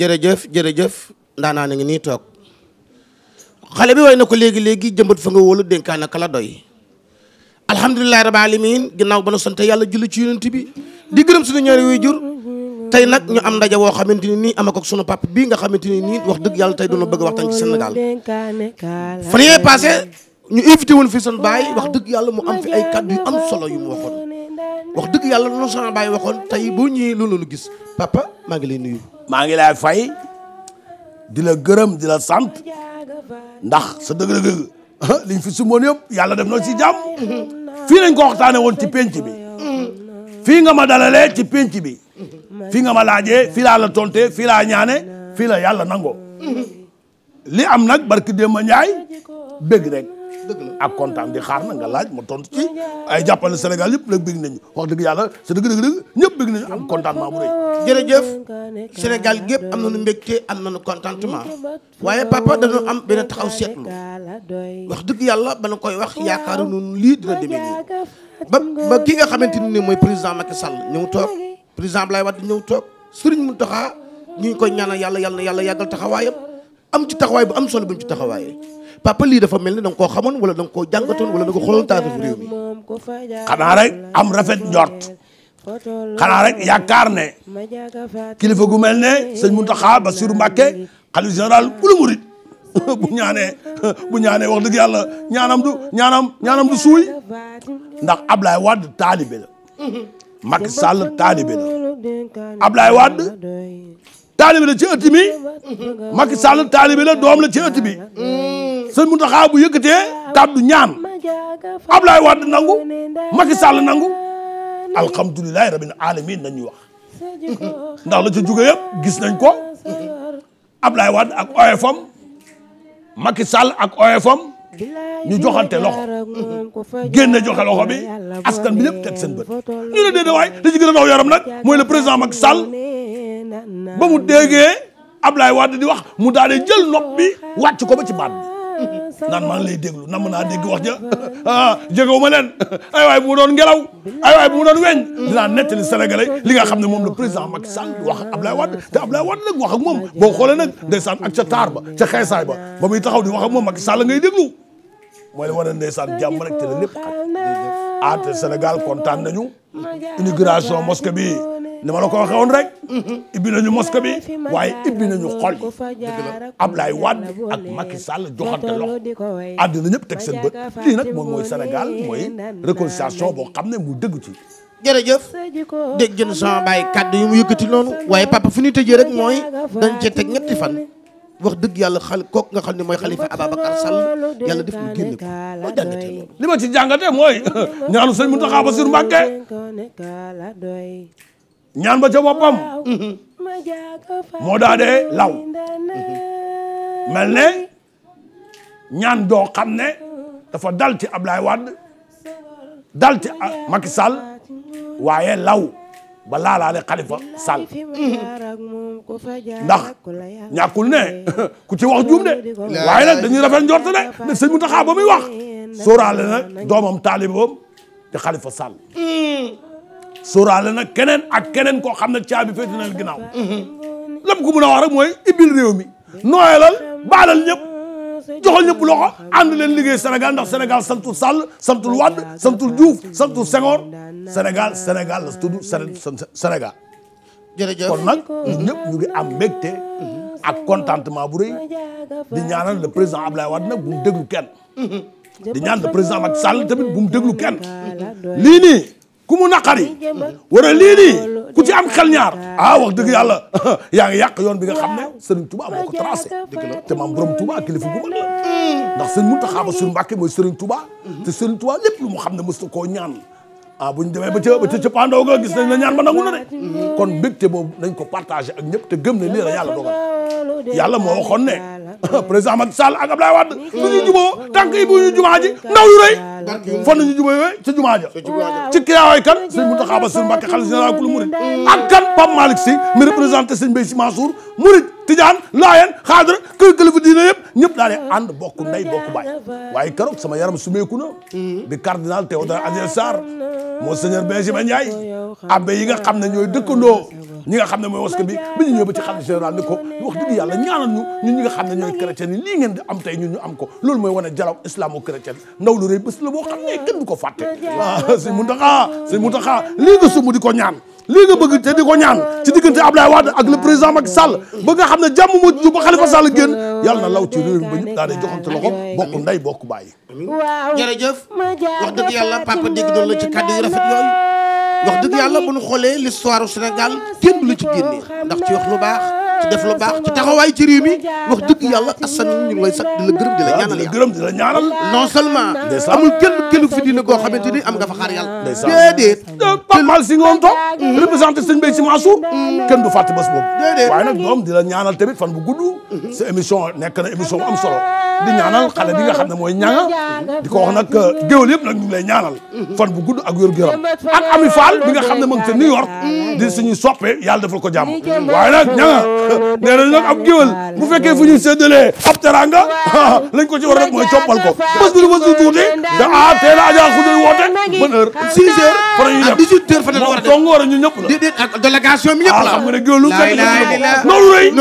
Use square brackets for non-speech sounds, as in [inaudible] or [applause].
jërëjëf jërëjëf ndaanaa na ngi nii toog xale bi way na ko léegi léegi jëmbat fa nga wóolu dénkaan na kala doy alhamdulilah rabbil alamin ginnaaw ba nu sant yàlla julli ci yonent bi di gërëm suñu ñaari wuy jur tey nag ñu am ndaje woo xamante ni nii am ak sunu pap bii nga xamante ni nii wax dëgg yàlla tey doon bëgg waxtaan ci Sénégal fan yee passé ñu invité woon fi seen baay wax dëgg yàlla mu am fi ay kàddu yu am solo yu mu waxoon wax dëgg yàlla noonu sama waxoon tey boo ñëwee loolu la gis papa maa ngi nuyu. maa ngi lay fay di la gërëm dila la sant ndax sa dëgg-dëgg ah, liñ fi sumboon yëpp yàlla def na ci jàmm fii lañ ko waxtaane woon ci penc bi fii nga ma dalalee ci penc bi fii nga ma laajee fii laa la tonte fii laa ñaane fii la yàlla nango li am nag barki démb ma njaay bég rek na ak kontaan di xaar na nga laaj ma tontu ci ay jàppale Sénégal yëpp la bëgg nañu wax dëgg yàlla sa dëgg dëgg dëgg ñëpp bëgg nañu am contentement bu rëy Sénégal gépp am nañu mbégte am nañu contentement waaye papa dañu am benn taxaw seetlu wax dëgg yàlla ba nu koy wax yaakaar nañu lii dina deme nii ba ba ki nga xamante ni mooy président Macky Sall ñëw toog président lay Wade ñëw toog Serigne Mountakha ñu ngi koy ñaanal yàlla yàlla na yàlla yàggal taxawaayam am ci taxawaay bu am solo bu ci taxawaayee papa lii dafa mel ni da nga koo xamoon wala da nga koo da nga ko xooloon taataf réew mi xanaa am rafet njort xanaa rek yaakaar ne kilifa gu mel ne sëñ Mountakha Bassirou Mbacké xalifa général bu murit [laughs] bu ñaanee [laughs] bu ñaanee wax dëgg yàlla ñaanam du ñaanam ñaanam suuy ndax Ablaye Wade taalibe la Macky Sall taalibe la Ablaye Wade taalibe la ci ëtt bi Macky Sall doom la ci sëñ Muntaxa bu yëkkatee kàddu ñaan Ablaye Wade nangu Macky Sall nangu alhamdulilahi rabbil alamin nañu wax ndax la ca jóge yëpp gis nañ ko Ablaye Wade ak OFM Macky Sall ak OFM ñu joxante loxo génne joxe loxo bi askan bi yëpp teg seen bët ñu ne déedéet waay li ci gën yaram nag mooy le président Macky Sall ba mu déggee Ablaye Wade di wax mu daal di jël nopp bi wàcc ko ba ci baat [laughs] naan maa ngi lay déglu nam naa dégg wax ja [laughs] ah jegewu ma leen ay waay bu mu doon ngelaw ay waay bu mu doon weñ dinaa nettali sénégalais li nga xam ne moom le président Macky Sall wax ak Ablaye Wade te Ablaye Wade nag wax ak moom boo xoolee nag ndeysaan ak ca taar ba ca xeesaay ba ba muy taxaw di wax ak moom Macky Sall ngay déglu mooy la war a ndeysaan jàmm rek te la lépp xaj ah te Sénégal kontaan nañu inauguration mosquée bi ni ma la ko waxee woon rek mm-hmm. ibbi nañu moska bi waaye ibbi nañu xol yi Ablaye Wade ak Macky Sall joxante loxo àddina ñëpp teg seen bët lii nag moom mooy Sénégal mooy réconciliation boo xam ne mu dëgg ci jërëjëf dégg jën sama bàyyi kàddu yu mu yëkkati noonu waaye papa fu ñu tëjee rek mooy dañ cee teg ñetti fan wax dëgg yàlla ko kook nga xam ne mooy xalifa Ababacar Sall yàlla def mu génn ko loo jàngatee loolu li ma ci jàngatee mooy [laughs] ñaan ba ca boppam moo daa dee law mm-hmm. mel ne ñaan doo xam ne dafa dal ci Ablaye Wade dal ci Macky Sall waaye law ba laalaale Khalifa Sall ndax ñàkkul ne [laughs] ku ci wax juum de waaye nag dañuy rafet njort ne ne sëñ Mountakha ba muy wax sóoraale na doomam taalibam di Khalifa Sall mm. sóoraale nag keneen ak keneen koo xam ne caabi féete na leen ginnaaw. lépp ku mun a wax rek mooy ibbil réew mi nooyalal baalal ñëpp joxal ñëpp loxo ànd leen liggéey Sénégal ndax Sénégal santul Sall santul Wade santul Diouf santul Senghor Sénégal Sénégal la tudd Sénégal. jërëjëf kon nag ñun ñëpp ñu ngi am mbégte ak contentement bu rëy di ñaanal président Abdoulaye Wade nag bu mu déglu kenn. Mhm. di président Macky Sall tamit bu mu déglu ku naqari wala lii nii ku ci am xel ñaar ah wax dëgg yàlla [laughs] yaa ngi yàq yoon bi nga xam ne Serigne Touba moo ko tracé te maam borom Touba kilifa gu mag la ndax Serigne Mountakha Bassirou Mbacké mooy Serigne Touba te Serigne Touba lépp lu mu xam ne mës koo ñaan ah bu ñu demee ba ca ba ga gis na la ñaan ba nangu na de mm-hmm. kon mbégte boobu nañ ko partagé ak ñëpp gëm ne lii la yàlla dogal yàlla moo waxoon ne [laughs] président Macky Sall ak Abdoulaye Wade bu ñu juboo tànk yi bu ñu jumaa ji ndaw yu rëy fan nañu juboo yooyu ca jumaa ja ci kiraawaay kan sëñ Mountakha Bassirou Mbacké xalifa général kulu murid ak kan Pape Malick Sy mi représenté sëñ Mbaye Sy Mansour murid tijaan laayeen xaadara kër kilifa diine yëpp ñëpp daal di ànd bokk ndey bokk baay waaye keroog sama yaram sumeeku na hmm. bi cardinal Théodore Adrien Sarr monseigneur Benjamin Ndiaye abbé yi nga xam ne ñooy dëkkandoo ñi nga xam ne mooy waska bi bi ñu ñëw ba ci xalifa général ni ko wax dëgg yàlla ñaanal ñu ñun ñi nga yi ngeen am tey ñun ñu am ko loolu mooy wane jalaw islamo chrétien ndaw lu rëy bés la boo xam ne kenn du ko fàtte waaw ah, sëñ Muntaxa sëñ Muntaxa lii nga sumb di ko ñaan lii bëgg te di ko ñaan ci diggante Abdoulaye Wade ak le président mag Sall ba nga xam ne jàmm moo ju ba Khalifa Sall génn yàlla na law ci réew mi ba ñëpp daal di joxante loxo bokk ndey bokk bàyyi. jërëjëf wax dëgg yàlla papa dégg doon la ci kàddu yu rafet yooyu wax dëgg yàlla bu ñu xoolee l'histoire du Sénégal kenn du la ci génne ndax ci wax lu baax. ci def lu baax ci taxawaay ci réew mi wax dëgg yàlla asan ñu ngi lay sax di la gërëm di la ñaanal yàlla gërëm di la ñaanal non fi dina koo xamante ni am nga fa xaar yàlla déedéet euh, Pape Mal si nga woon toog représenté sëñ kenn du fàtte bés waaye nag doom di la ñaanal tamit fan bu gudd mhm. sa émission nekk na émission bu am solo di ñaanal xale bi nga xam ne mooy ñanga di ko wax nag euh, géwél yëpp nag ñu ngi lay ñaanal mhm. fan bu gudd ak wér gu ak Ami Fall di suñu soppe nee nañ nag ab géwél bu fekkee fu ñu séddalee ab teranga [laughs] lañ ko ci war rek coppal ko bés bi lu bés bu tuuti da ah teel a aja xudoy woote ban heure six heures fa la ñuy def dix a def dong